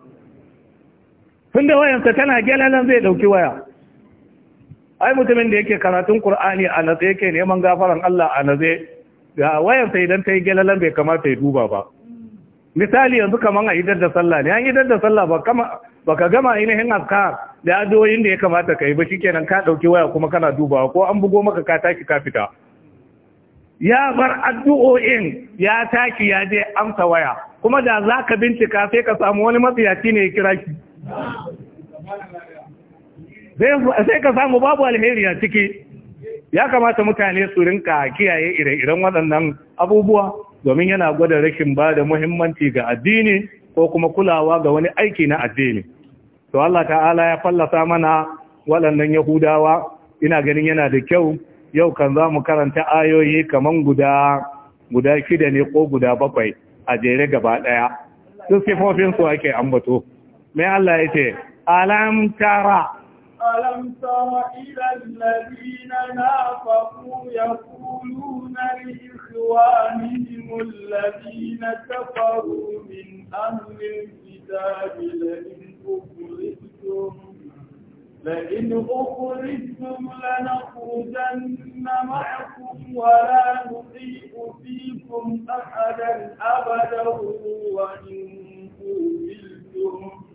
tun da wayansa tana nan zai ɗauki waya ai mutumin da yake karatun Qur'ani a natse yake neman gafaran Allah a natse ga wayar sai idan ta yi gelalan bai kamata ya duba ba misali yanzu kaman a idar da sallah ne an idar da sallah ba kama baka gama ainihin aska da adoyin da ya kamata ka kai ba shikenan ka dauki waya kuma kana dubawa ko an bugo maka ka taki ka fita ya bar addu'o'in ya taki ya je amsa waya kuma da zaka bincika sai ka samu wani matsiyaci ne ya kira ki sai ka samu babu alheri a ciki ya kamata mutane su rinka kiyaye ire-iren waɗannan abubuwa domin yana gwada rashin ba da muhimmanci ga addini ko kuma kulawa ga wani aiki na addini to Allah ta'ala ya fallasa mana waɗannan yahudawa ina ganin yana da kyau yau kan za mu karanta ayoyi kaman guda guda shida ne ko guda bakwai a jere gaba ɗaya duk sifofinsu ake ambato mai Allah ya ce alam tara ألم تر إلى الذين نافقوا يقولون لإخوانهم الذين كفروا من أهل الكتاب لئن أخرجتم لئن أخرجتم لنخرجن معكم ولا نطيع فيكم أحدا أبدا وإن قتلتم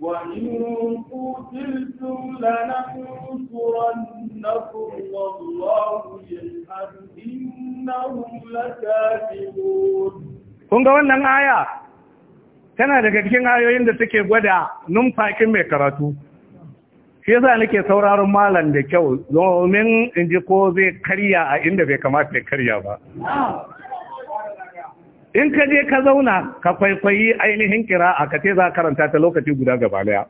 وإن قتلتم لننصرنكم والله يشهد إنهم لكاذبون kun ga wannan aya tana daga cikin ayoyin da suke gwada numfakin mai karatu shi yasa nake sauraron malam da kyau domin in ji ko zai karya a inda bai kamata ya karya ba in ka je ka zauna ka kwaikwayi ainihin a ka ce za a karanta ta lokaci guda gabalaya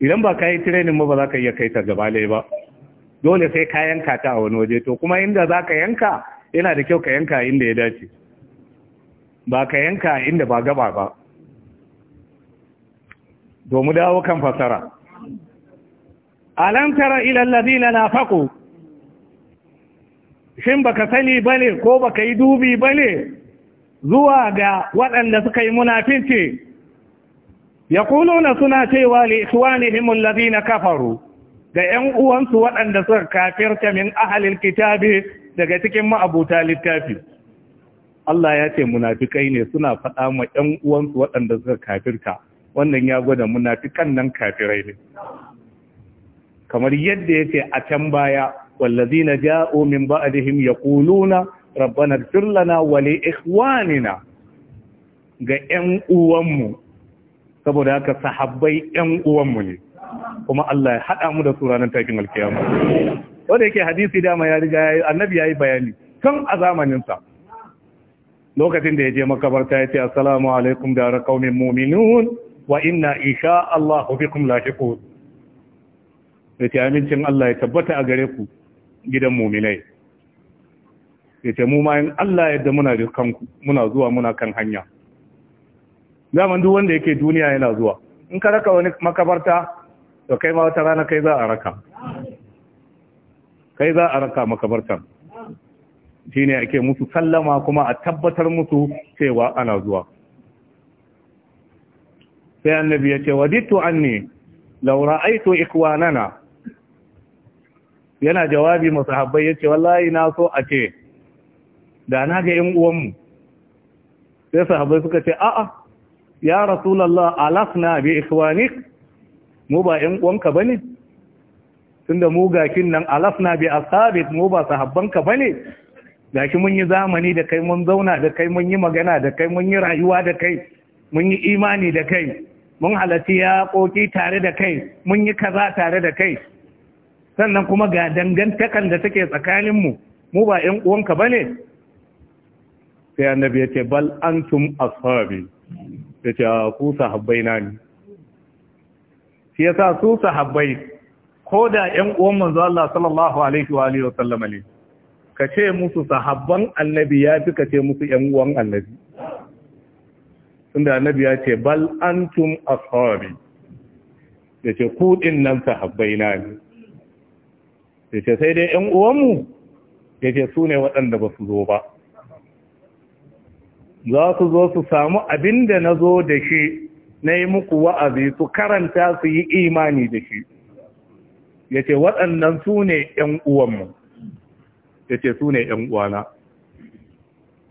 idan ba ka yi tirenin ba ba za ka iya kai ta gaba ba dole sai ka yanka ta a wani waje to kuma inda za ka yanka yana da kyau ka yanka inda ya dace ba ka yanka inda ba gaba ba domin dawo kan fasara alam tara ila alladhina nafaqu shin baka sani bane ko baka yi dubi bane zuwa ga waɗanda suka yi munafinci ya kuluna suna cewa himun lafi na kafaru da 'yan uwansu waɗanda suka kafirta min ahalin kitabe daga cikin ma'abuta littafi Allah ya ce munafikai ne suna faɗa ma 'yan uwansu waɗanda suka kafirta wannan ya gwada munafikan nan kafirai ne kamar yadda ya ce a can baya wallazina ja'u min ba'dihim yaquluna rabbana ighfir lana wa ga ƴan uwanmu saboda haka sahabbai ƴan uwanmu ne kuma Allah ya hada mu da su ranar takin alkiyama wanda yake hadisi dama ya riga yayi annabi yayi bayani kan a zamanin sa lokacin da ya je makabarta ya ce assalamu alaikum da raqaumin mu'minun wa inna insha Allah bikum lahiqun yace amincin Allah ya tabbata a gare ku gidan mu'minai ya ce mu ma in Allah yadda muna da kanku muna zuwa muna kan hanya zaman duk wanda yake duniya yana zuwa in ka raka wani makabarta to kai ma wata rana kai za a raka kai za a raka makabartan shine ake musu sallama kuma a tabbatar musu cewa ana zuwa sai annabi ya ce wadittu anni law ra'aytu ikwanana yana jawabi masahabbai yace wallahi na so a ce da na ga yan uwanmu sai sahabbai suka ce a'a ya rasulullah na bi ikhwanik mu ba yan uwanka bane tunda mu gakin nan na bi asabit mu ba sahabbanka bane gashi mun yi zamani da kai mun zauna da kai mun yi magana da kai mun yi rayuwa da kai mun yi imani da kai mun halarci ya koki tare da kai mun yi kaza tare da kai sannan kuma ga dangantakan da take tsakaninmu mu ba 'yan uwanka ba ne sai annabi ya ce bal an tum ashabi ya ce ku sahabbai na ne shi yasa su sahabbai ko da ƴan uwan manzo Allah sallallahu alaihi wa alihi wa sallama ne ka ce musu sahabban annabi ya fi ka ce musu ƴan uwan annabi tunda annabi ya ce bal an tum ashabi ya ce ku din nan sahabbai na ne ya ce sai dai ƴan uwanmu ya ce su ne waɗanda ba su zo ba za su zo su samu abin da na zo da shi na yi muku wa'azi su karanta su yi imani da shi ya ce waɗannan su ne ‘yan’uwanmu ya ce su ne ‘yan’uwana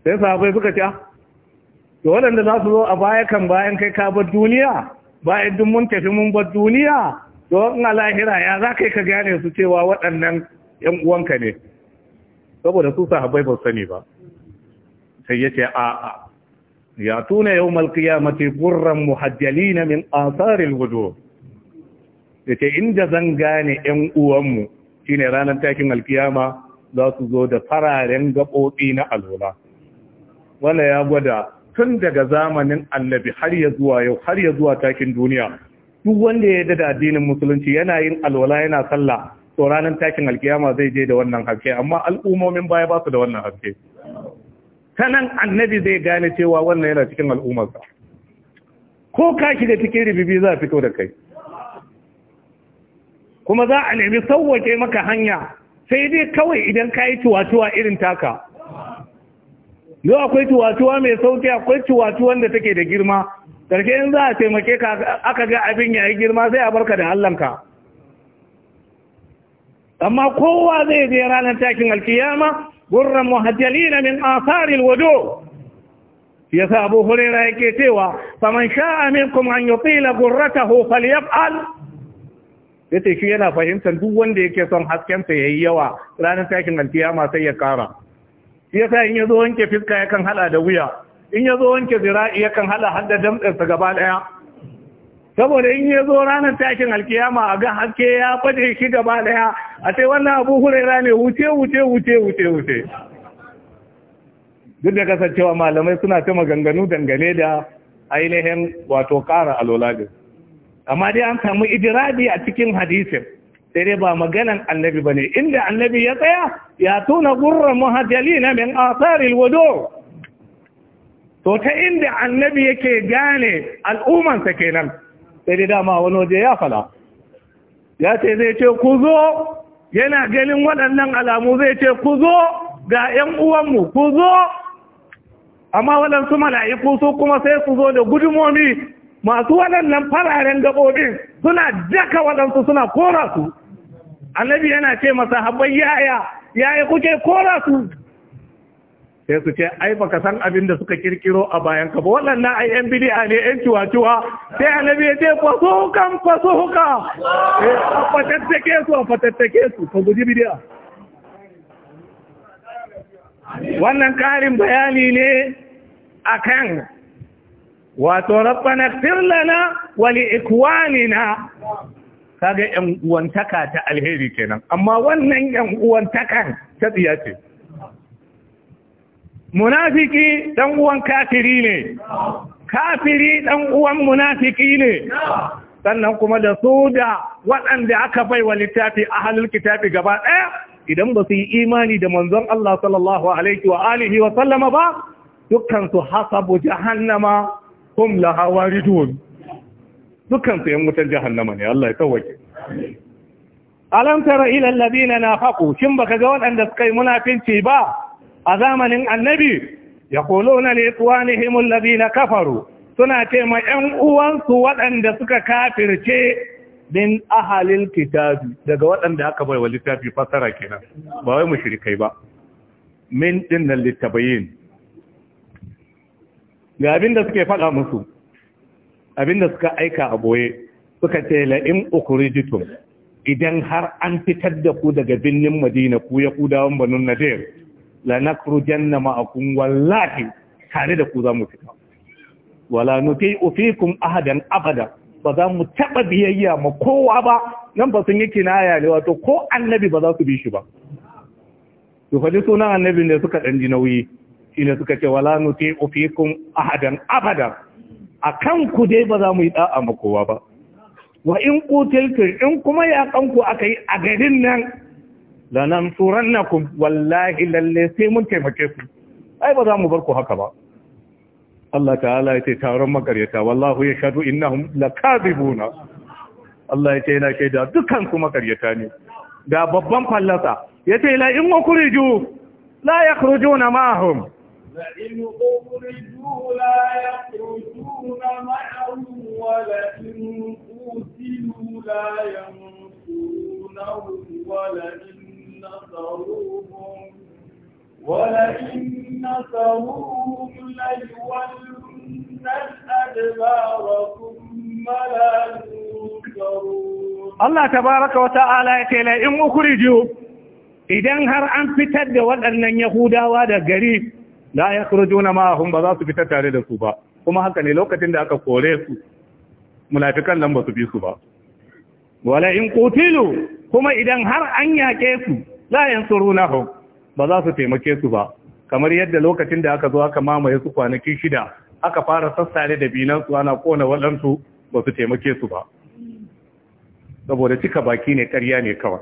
sai sabai suka ce da ah, waɗanda za su zo a baya kan bayan kai ka bar duniya bayan dun mun tafi mun bar duniya to in Alahira ya za kai ka gane su cewa waɗannan ‘yan’uwanka ne saboda su sahabai ba sani ba sai ya ce a'a Malkiya mace qiyamati muhajjali na min gudu. alwudu yace inda zan gane yan uwanmu shine ranar takin alkiyama za su zo da fararen gaɓoɓi na alwala wala ya gwada tun daga zamanin Allabi har ya zuwa yau har ya zuwa takin duniya duk wanda ya yi da addinin musulunci yana yin alwala yana sallah to ranar takin alkiyama zai je da wannan haske, amma al'ummomin baya ba su da wannan haske. ta nan annabi zai gane cewa wannan yana cikin al'ummarsa ko ka shiga cikin ribibi za a fito da kai kuma za a nemi sauwake maka hanya sai dai kawai idan ka yi tuwatuwa irin taka yau akwai tuwatuwa mai sauki akwai tuwatuwan da take da girma ƙarshe in za a taimake ka aka ga abin ya yi girma sai a barka da Allahnka amma kowa zai je ranar takin alkiyama gurran muhajjalina min asaril wudu yasa abu huraira yake cewa faman sha'a minkum an yutila gurratahu falyaf'al yace shi yana fahimtar duk wanda yake son hasken sa yayi yawa ranar tashin alkiyama sai ya kara yasa in yazo wanke fiska yakan haɗa da wuya in yazo wanke zira'i yakan hada hadda damtsa gaba daya saboda in ya zo ranar tashin alkiyama a ga haske ya fade shi gaba daya a sai wannan abu huraira ne wuce wuce wuce wuce wuce duk da kasancewa malamai suna ta maganganu dangane da ainihin wato kara alola amma dai an samu idirabi a cikin hadisin sai dai ba maganan annabi bane inda annabi ya tsaya ya tuna gurran na min asaril wudu to ta inda annabi yake gane al'ummansa kenan sai dai dama wani waje ya fala ya ce zai ce ku zo yana ganin waɗannan alamu zai ce ku zo ga 'yan uwanmu ku zo amma waɗansu mala'iku su kuma sai su zo da gudumomi masu waɗannan fararen gaɓoɓin suna daka waɗansu suna kora su annabi yana ce masa habbai yaya yaya kuke kora su sai su ce ai baka san abin da suka kirkiro a bayan ka ba waɗannan ai yan bidi'a ne yan ciwa-ciwa sai annabi ya ce faso hukan faso huka eh, a fatattake su a fatattake su ka guji bidi'a wannan ƙarin bayani ne akan wato rabbana firlana wali ikwanina kaga yan uwantaka ta alheri kenan amma wannan yan uwantakan ta tsiya ce munafiki dan uwan kafiri ne kafiri dan uwan munafiki ne sannan kuma da su da waɗanda aka bai wa littafi ahlul kitabi gaba ɗaya idan ba su yi imani da manzon Allah sallallahu alaihi wa alihi wa sallama ba dukkan su hasabu jahannama hum laha waridun dukkan su yan wutar jahannama ne Allah ya tawake alam tara ila alladhina nafaqu shin baka ga waɗanda suka yi munafinci ba a zamanin annabi ya kolo na labi na kafaru suna ce ma uwansu waɗanda suka kafirce min ahalin kitabi daga waɗanda aka bai wa littafi fasara kenan ba wai mashirikai ba min dinnan littabayin ga abinda suke faɗa musu abinda suka aika a boye suka ce la'in ukurijitum idan har an fitar da ku daga birnin madina ku ya dawon banun nadir la nakhrujanna ma'akum wallahi tare da ku za mu fita wala nuti'u fikum ahadan abada ba za mu taba biyayya ma kowa ba nan ba sun na kinaya ne wato ko annabi ba za su bi shi ba to fa annabi ne suka ɗan ji nauyi shine suka ce wala nuti'u fikum ahadan abada akan ku dai ba za mu yi da'a ma kowa ba wa in qutiltum in kuma ya kanku akai a garin nan na ku. wallahi lalle sai mun taimake su. ai ba za mu bar ku haka ba Allah ta'ala ya ce taron makaryata wallahu ya shaɗu innahum lakazibuna Allah ya ce yana shaida dukkan su makaryata ne Da babban fallasa ya ce la in ukriju la yakhrujuna ma'ahum la in ukriju la yakhrujuna ma'ahum wa la in نصروهم ولئن نصروهم ليولن الأدبار ثم لا ينصرون الله تبارك وتعالى يتلى إن أخرجوا idan har an fitar da waɗannan Yahudawa da gari la ya kurjuna ma'ahum ba za su fitar tare da su ba kuma haka ne lokacin da aka kore su munafikan nan ba su bi su ba wala in kotilu kuma idan har an yaƙe su la hau ba za su taimake su ba kamar yadda lokacin da aka zo aka mamaye su kwanaki shida aka fara sassare da binansu, ana kona waɗansu ba su taimake su ba saboda cika baki ne karya ne kawai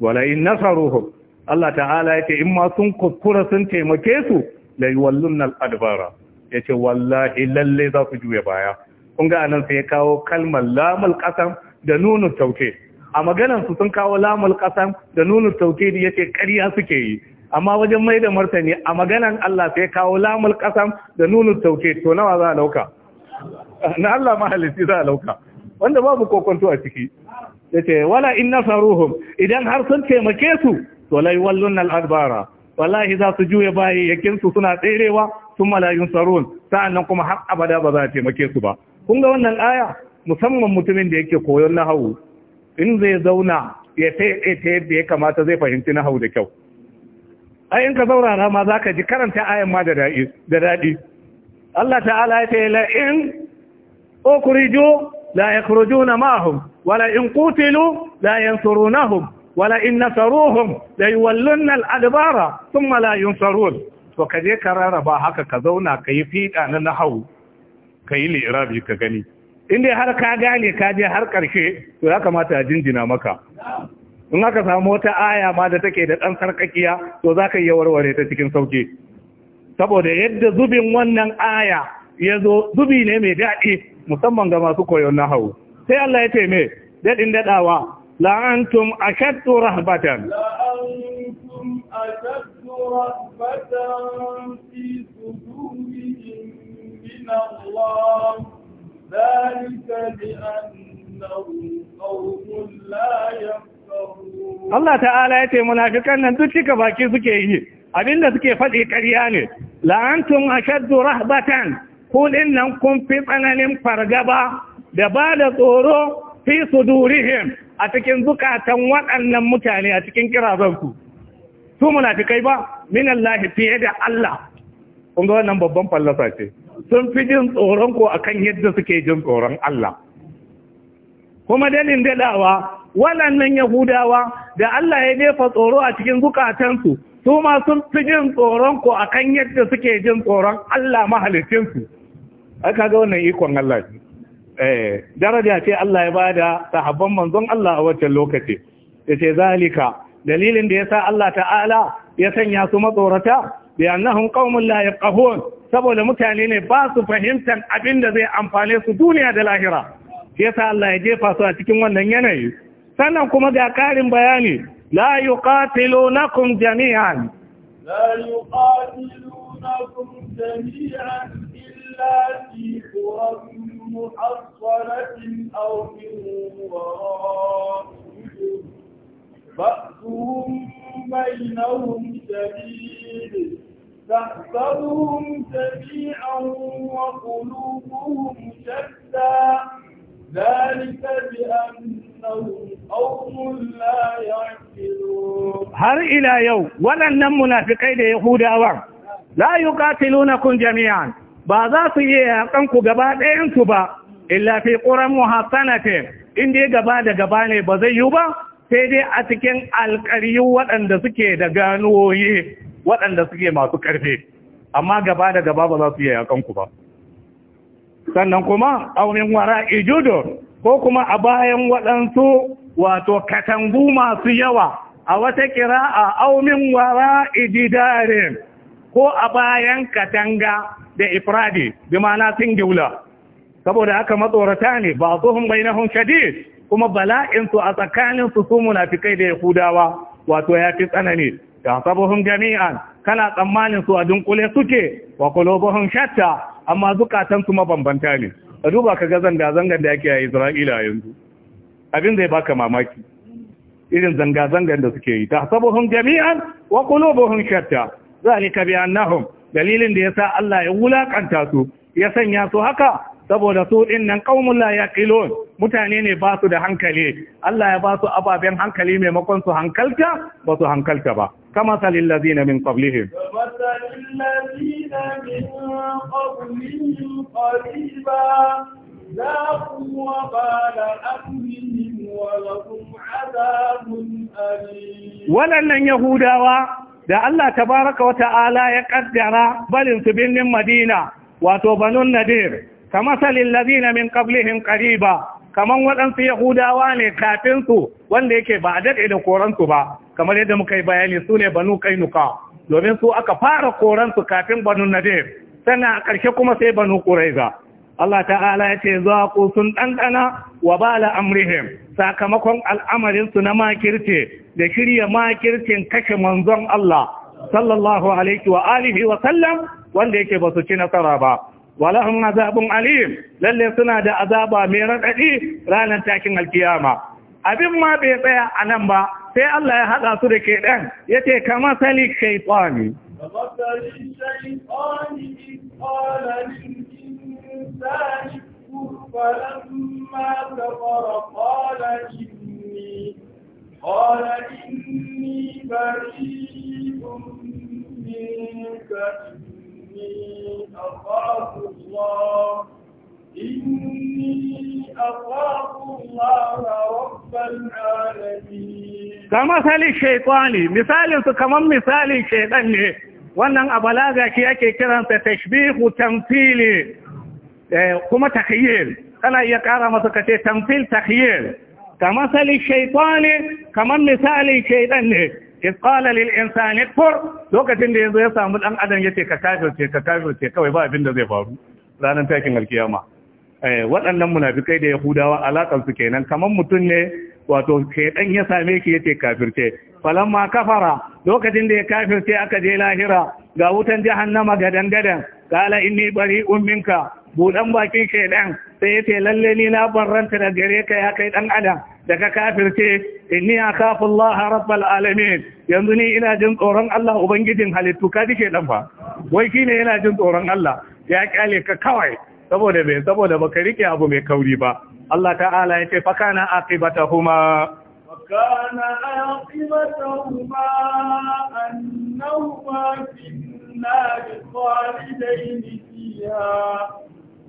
wala in nasaruhum Allah ta'ala ya ce in ma sun kuskura sun taimake su la yuwallunna albara. adbara ce wallahi lalle za su juya baya kun ga anan sai ya kawo kalmar lamul qasam da nunu tauke a maganar su sun kawo lamul kasan da nunu tauke ne yake ƙarya suke yi amma wajen mai da martani a maganar Allah sai kawo lamul kasan da nunu tauke to nawa za a lauka na Allah mahalici za a lauka wanda babu kokonto a ciki yace wala in nasaruhum idan har sun taimake su to lai wallun al-adbara wallahi za su juya bayayyakin su suna tserewa sun malayun sarun sa'annan kuma har abada ba za a taimake su ba kun ga wannan aya musamman mutumin da yake koyon hau in zai zauna ya sai ta yadda ya kamata zai fahimci hau da kyau ai in ka zaurara ma ka ji karanta ayan ma da daɗi Allah ta'ala ya ce la in ukhriju la na mahum wala in qutilu la hum wala in da yi wallon na al'adabara sun malayin tsaro to je ka ba haka ka zauna ka yi fiɗa na nahawu kayi lirabi ka gani inda har ka gane ka je har ƙarshe to ya kamata a jinjina maka in aka samu wata aya ma da take da ɗan sarƙaƙiya to za ka iya warware ta cikin sauƙi saboda yadda zubin wannan aya ya zo zubi ne mai daɗi musamman ga masu koyon na hau. sai Allah ya ce me daɗin daɗawa la'antum ashaddu rahbatan la'antum ashaddu rahbatan fi Allah ta'ala ya ce munafikan nan duk cika baki suke yi abinda suke faɗi ƙarya ne la'antum ashaddu rahbatan ku nan kun fi tsananin fargaba da ba da tsoro fi sudurihim a cikin zukatan waɗannan mutane a cikin kirazansu su munafikai ba Minan Allah fiye da Allah kun ga wannan babban fallasa ce sun fi jin tsoron ko akan yadda suke jin tsoron Allah kuma dalin dadawa waɗannan yahudawa da Allah ya nefa tsoro a cikin zukatansu su ma sun fi jin tsoron ko akan yadda suke jin tsoron Allah mahalicinsu aka ga wannan ikon Allah eh daraja ce Allah ya bada sahabban manzon Allah a wancan lokaci yace zalika dalilin da ya sa Allah ta'ala ya sanya su matsorata bi annahum qaumun la yafqahun saboda mutane ne ba su fahimtar abin da zai amfane su duniya da lahira shi yasa Allah ya jefa su a cikin wannan yanayi sannan kuma ga karin bayani la yuqatilunakum jami'an la yuqatilunakum jami'an illa fi quratin muhassaratin aw min ba'dhum bainahum تحفظهم سبيعا وقلوبهم شدا ذلك بأنهم قوم لا يعقلون هر إلى يوم ولن قيد ليهودا أور لا يقاتلونكم جميعا بعضات يهاقنكم قبال انتبا إلا في قرى محصنة إن دي gaba da بزيوبا sai dai a cikin alƙaryu waɗanda suke da ganuwoyi waɗanda suke masu ƙarfe amma gaba da gaba ba za su yi yakanku ba sannan kuma aumin wara ijudo ko kuma a bayan waɗansu wato katangu masu yawa a wata kira a aumin wara ijidarin ko a bayan katanga da ifradi bi ma'ana singula saboda haka matsorata ne ba zuhun bainahun shadid kuma bala'insu a tsakaninsu su munafikai da yahudawa wato ya fi tsanani tahsabuhum jami'an kana tsammanin su a dunkule suke wa qulubuhum shatta amma zukatan su mabambanta ne a duba ka ga zanga zangar da yake a Isra'ila yanzu abin zai baka mamaki irin zanga zangar da suke yi tahsabuhum jami'an wa qulubuhum shatta zalika bi annahum dalilin da ya sa Allah ya wulakanta su ya sanya su haka saboda su ɗin nan ƙaunin la ya mutane ne ba su da hankali Allah ya ba su ababen hankali maimakon su hankalta ba su hankalta ba كمثل الذين من قبلهم كمثل الذين من قبلهم قريبا ذاقوا وبال أمرهم ولهم عذاب أليم ولن يهودا da Allah tabaraka wa ta'ala ya kaddara barin su birnin Madina wato banun Nadir kama salin lazina min qablihim qariba kaman waɗansu Yahudawa ne kafin su wanda yake ba a daɗe da koransu ba kamar yadda muka yi bayani su ne banu kainuka domin su aka fara koransu kafin banu nadir sannan a ƙarshe kuma sai banu ƙuraiza Allah ta'ala ya ce za ku sun ɗanɗana wa bala amrihim sakamakon al'amarinsu na makirce da shirya makircin kashe manzon Allah sallallahu alaihi wa alihi wa sallam wanda yake ba su ci nasara ba walahum azabun alim lalle suna da azaba mai raɗaɗi ranar takin alkiyama abin ma bai tsaya a nan ba sai Allah ya haɗa su da ke ɗan ya ce kama sali shaitani فلما كفر قال إني قال إني بريء منك إني أخاف Kama salin shaikwani, misalinsu kamar misalin shaidan ne, wannan a balaga shi ake kiransa tashbihu tamfili eh, kuma takhiyir, kana iya kara masu kace tamfil takhiyir. Kama salin shaikwani, kamar misalin shaidan ne, isƙala lil insani kur lokacin da yanzu ya samu ɗan adam ya ce ka kafirce ka kafirce kawai ba abin da zai faru ranar takin alkiyama. Eh, waɗannan munafikai da yahudawa alaƙar su kenan kamar mutum ne wato shaidan ya same ki yace kafirce falamma kafara lokacin da ya kafirce aka je lahira ga wutan jahannama gadan gadan kala inni bari umminka budan bakin shaidan sai yace lalle ni na barranta da gare ka ya kai dan adam daga kafirce inni akhafu Allah rabbal alamin yanzu ni ina jin tsoron Allah ubangijin halittu ka dike dan fa wai kine yana jin tsoron Allah ya kyale ka kawai saboda me saboda baka rike abu mai kauri ba Allah ta'ala ya ce fakana aqibatahuma fakana aqibatahuma annahuma finnari khalidaini fiha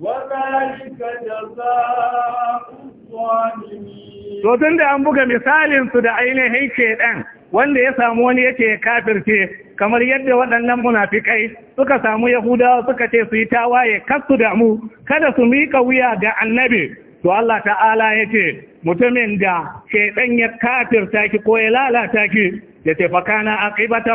wa dhalika jazaa'u to tun da an buga misalin su da ainihin shedan wanda ya samu wani yake kafirce kamar yadda waɗannan munafikai suka samu yahudawa suka ce su yi tawaye kar su damu kada su miƙa wuya ga annabi to Allah ta'ala ya ce mutumin da shedan ya kafirta ki ko ya lalata ki ya ce fa kana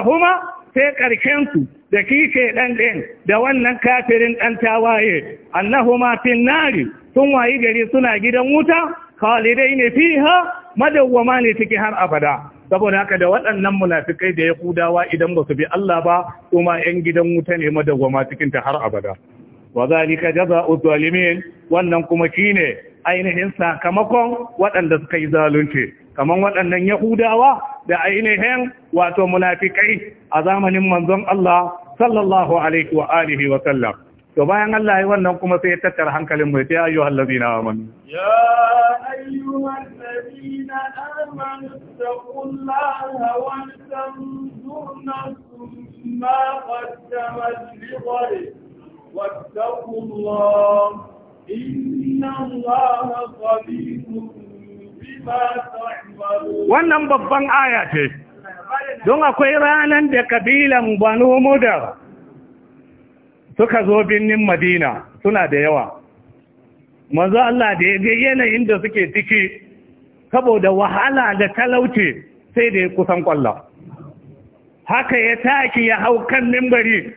huma sai ƙarshensu da kishe ɗan ɗin da wannan kafirin ɗan tawaye annahuma fin nari sun wayi gari suna gidan wuta khalidai ne fiha madawwama ne take har abada saboda haka da waɗannan munafikai da yahudawa idan ba su bi Allah ba kuma yan gidan wuta ne madawwama cikin ta har abada wa zalika jazaa'u zalimin wannan kuma shine ainihin sakamakon waɗanda suka yi zalunci kaman waɗannan yahudawa da ainihin wato munafikai a zamanin manzon Allah sallallahu alaihi wa alihi wa sallam to bayan Allah ya wannan kuma sai ya tattara hankalin mai sai ayyu allazina amanu ya ayyu allazina amanu taqullaha wa tanzurna ma qaddamat lighad wattaqu Allah inna Allaha khabirun bima ta'malun wannan babban aya ce don akwai ranan da kabilan banu mudar suka zo birnin madina suna da yawa manzo Allah da ya ga yanayin da suke ciki saboda wahala da talauci sai da ya kusan kwalla haka ya taki ya hau kan mimbari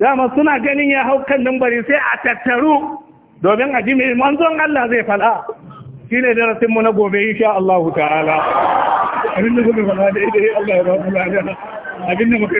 dama suna ganin ya hau kan mimbari sai a tattaru domin a ji mai manzon Allah zai fal'a shi ne darasinmu na gobe insha Allah ta'ala abinda kuka fada daidai Allah ya ba mu abin da